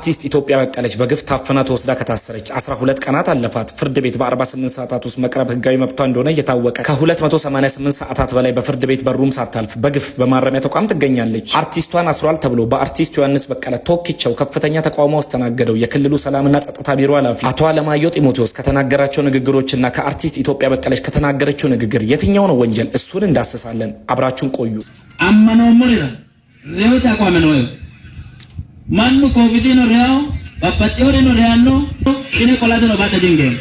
አርቲስት ኢትዮጵያ በቀለች በግፍ ታፍና ተወስዳ ከታሰረች 12 ቀናት አለፋት። ፍርድ ቤት በ48 ሰዓታት ውስጥ መቅረብ ህጋዊ መብቷ እንደሆነ እየታወቀ ከ288 ሰዓታት በላይ በፍርድ ቤት በሩም ሳታልፍ በግፍ በማረሚያ ተቋም ትገኛለች። አርቲስቷን አስሯል ተብሎ በአርቲስት ዮሐንስ በቀለ ቶክቸው ከፍተኛ ተቃውሞ አስተናገደው የክልሉ ሰላምና ጸጥታ ቢሮ ኃላፊ አቶ አለማየሁ ጢሞቴዎስ ከተናገራቸው ንግግሮችና ከአርቲስት ኢትዮጵያ በቀለች ከተናገረችው ንግግር የትኛው ነው ወንጀል? እሱን እንዳስሳለን። አብራችሁን ቆዩ። አመኖሙን ይላል mannu covidino reyao babbaxxeyoreno reyanno shine qolateno badda dingeemo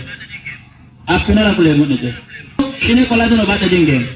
affinara kuleemmo'nete shine qolateno badda dingeemo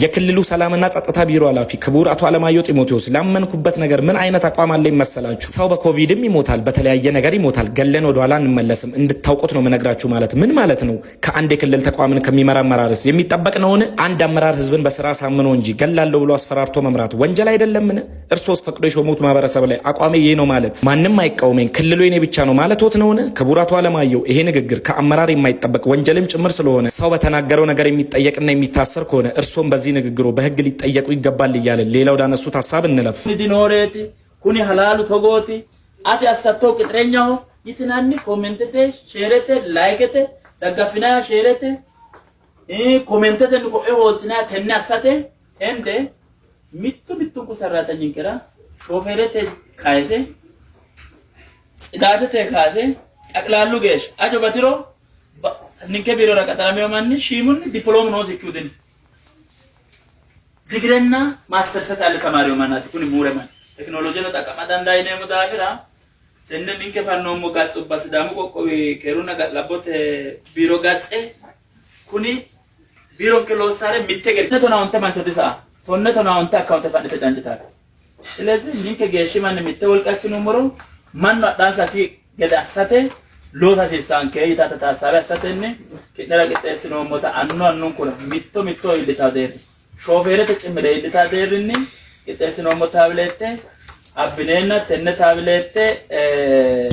የክልሉ ሰላምና ጸጥታ ቢሮ ኃላፊ ክቡር አቶ አለማየሁ ጢሞቴዎስ ላመንኩበት ነገር ምን አይነት አቋም አለኝ መሰላችሁ? ሰው በኮቪድም ይሞታል፣ በተለያየ ነገር ይሞታል። ገለን ወደኋላ አንመለስም። እንድታውቁት ነው ምነግራችሁ። ማለት ምን ማለት ነው? ከአንድ የክልል ተቋምን ከሚመራ አመራርስ የሚጠበቅ ነውን? አንድ አመራር ህዝብን በስራ ሳምኖ እንጂ ገላለሁ ብሎ አስፈራርቶ መምራት ወንጀል አይደለምን? እርሶስ ፈቅዶ የሾሙት ማህበረሰብ ላይ አቋሜ ይህ ነው ማለት ማንም አይቃወመኝ፣ ክልሉ የኔ ብቻ ነው ማለት ወት ነውን? ክቡር አቶ አለማየሁ ይሄ ንግግር ከአመራር የማይጠበቅ ወንጀልም ጭምር ስለሆነ ሰው በተናገረው ነገር የሚጠየቅና የሚታሰር ከሆነ እርሶ በዚህ ንግግሩ በህግ ሊጠየቁ ይገባል እያለ ሌላው ዳነሱት ሀሳብ እንለፍ። ዲኖሬቲ ኩኒ ሀላሉ ተጎቲ አቲ አሳቶ ቅጥረኛው ይትናኒ ኮሜንቴቴ ሼሬቴ ላይከቴ ደጋፊና ሼሬቴ ኮሜንቴቴ ንቆ ሆትና አሳቴ እንደ ሚቱ ቢቱንኩ ሰራተኝ ቅራ ሾፌሬቴ ካይዜ ጽዳቴቴ ካዜ ጠቅላሉ ጌሽ አጆ በትሮ ንንከ ቢሮ ረቀጠለሚዮ ማን ሺሙን ዲፕሎም ነው ዝኩድን ትግረና ማስተር ሰጣለ ከማሪው ማናት ኩኒ ሙረማ ቴክኖሎጂ ነው ተቀማዳ እንዳይነ ሙዳፍራ ተንም እንከፋን ነው ሞጋጽ ባስ ዳሙ ከሩና ጋላቦት ቢሮ ጋጽ ኩኒ ቢሮ ክሎ ሳረ ተቶና ወንተ ማን ተደሳ ቶነ ቶና ወንተ አካውንት ተፋደ ተጫንጭታ ስለዚህ ኒከ ገሽ ማን ሚተወልቃችን ሞሮ ማን ነው ገዳሳተ ሎሳ ሲሳን ከይታ ተታሳበ ሰተነ ከደረገ ተስኖ ሞታ አንኖ አንኑን ኩራ ሚቶ ሚቶ ይልታ ደረ ሾፌረ ተጨምረ ይልታደርኒ ቅጤስኖ ሞታብለቴ አብኔና ተነታብለቴ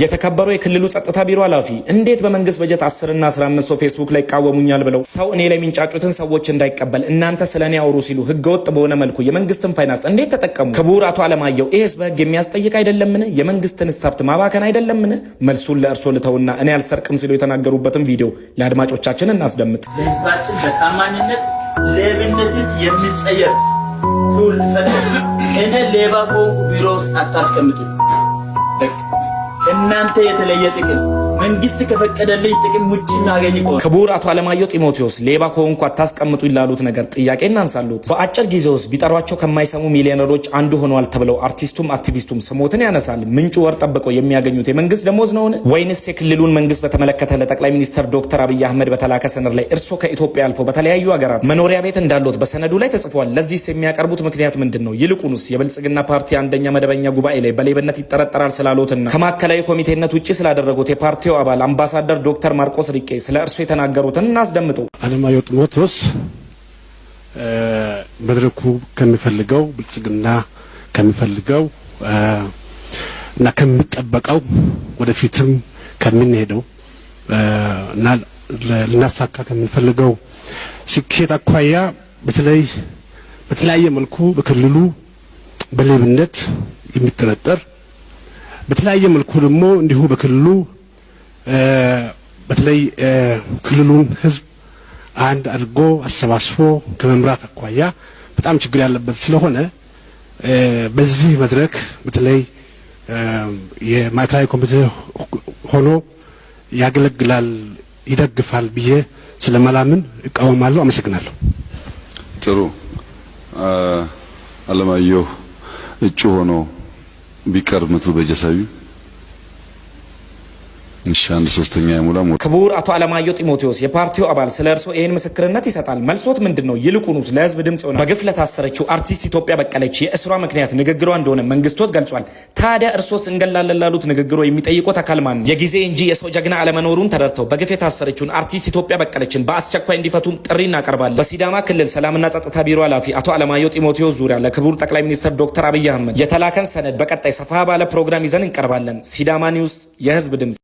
የተከበሩ የክልሉ ጸጥታ ቢሮ ኃላፊ እንዴት በመንግስት በጀት 10 እና 15 ሰው ፌስቡክ ላይ ይቃወሙኛል ብለው ሰው እኔ ላይ የሚንጫጩትን ሰዎች እንዳይቀበል እናንተ ስለ እኔ አውሩ ሲሉ ህገወጥ በሆነ መልኩ የመንግስትን ፋይናንስ እንዴት ተጠቀሙ? ክቡር አቶ አለማየሁ ይሄስ በህግ የሚያስጠይቅ አይደለምን? የመንግስትን ሀብት ማባከን አይደለምን? መልሱን ለእርሶ ልተውና እኔ አልሰርቅም ሲሉ የተናገሩበትን ቪዲዮ ለአድማጮቻችን እናስደምጥ። በህዝባችን በታማኝነት ሌብነትን የሚጸየፍ ትውልድ ፈጥሩ። እኔ ሌባ ከሆንኩ ቢሮ ውስጥ አታስቀምጡ። እናንተ የተለየ ጥቅም መንግስት ከፈቀደልኝ ጥቅም ውጭ እናገኝ። ክቡር አቶ አለማየሁ ጢሞቴዎስ ሌባ ከሆንኩ ታስቀምጡ ላሉት ነገር ጥያቄ እናንሳሉት። በአጭር ጊዜ ውስጥ ቢጠሯቸው ከማይሰሙ ሚሊዮነሮች አንዱ ሆነዋል ተብለው አርቲስቱም አክቲቪስቱም ስሞትን ያነሳል። ምንጩ ወር ጠብቀው የሚያገኙት የመንግስት ደሞዝ ነውን? ወይንስ የክልሉን መንግስት በተመለከተ ለጠቅላይ ሚኒስትር ዶክተር አብይ አህመድ በተላከ ሰነድ ላይ እርሶ ከኢትዮጵያ አልፎ በተለያዩ ሀገራት መኖሪያ ቤት እንዳሉት በሰነዱ ላይ ተጽፏል። ለዚህስ የሚያቀርቡት ምክንያት ምንድን ነው? ይልቁንስ የብልጽግና ፓርቲ አንደኛ መደበኛ ጉባኤ ላይ በሌብነት ይጠረጠራል ስላሉትና ከማዕከላዊ ኮሚቴነት ውጭ ስላደረጉት የፓርቲ የፓርቲው አባል አምባሳደር ዶክተር ማርቆስ ሪቄ ስለ እርሱ የተናገሩትን እናስደምጡ። አለማየሁ ጥሞቴዎስ መድረኩ ከሚፈልገው ብልጽግና ከሚፈልገው እና ከሚጠበቀው ወደፊትም ከምንሄደው እና ልናሳካ ከምንፈልገው ስኬት አኳያ በተለይ በተለያየ መልኩ በክልሉ በሌብነት የሚጠረጠር በተለያየ መልኩ ደግሞ እንዲሁ በክልሉ በተለይ ክልሉን ህዝብ አንድ አድርጎ አሰባስቦ ከመምራት አኳያ በጣም ችግር ያለበት ስለሆነ በዚህ መድረክ በተለይ የማዕከላዊ ኮሚቴ ሆኖ ያገለግላል፣ ይደግፋል ብዬ ስለመላምን እቃወማለሁ። አመሰግናለሁ። ጥሩ አለማየሁ እጩ ሆኖ ቢቀርብ ምትሉ በጀሳቢ እሺ አንድ ሶስተኛ የሙላ ሞት። ክቡር አቶ አለማየሁ ጢሞቴዎስ የፓርቲው አባል ስለ እርስዎ ይህን ምስክርነት ይሰጣል፣ መልሶት ምንድን ነው? ይልቁኑስ ለህዝብ ድምፅ ሆነ በግፍ ለታሰረችው አርቲስት ኢትዮጵያ በቀለች የእስሯ ምክንያት ንግግሯ እንደሆነ መንግስቶት ገልጿል። ታዲያ እርሶስ እንገላለን ላሉት ንግግሮ የሚጠይቁት አካል ማን የጊዜ እንጂ የሰው ጀግና አለመኖሩን ተረድተው በግፍ የታሰረችውን አርቲስት ኢትዮጵያ በቀለችን በአስቸኳይ እንዲፈቱም ጥሪ እናቀርባለን። በሲዳማ ክልል ሰላምና ጸጥታ ቢሮ ኃላፊ አቶ አለማየሁ ጢሞቴዎስ ዙሪያ ለክቡር ጠቅላይ ሚኒስትር ዶክተር አብይ አህመድ የተላከን ሰነድ በቀጣይ ሰፋ ባለ ፕሮግራም ይዘን እንቀርባለን። ሲዳማ ኒውስ የህዝብ ድምፅ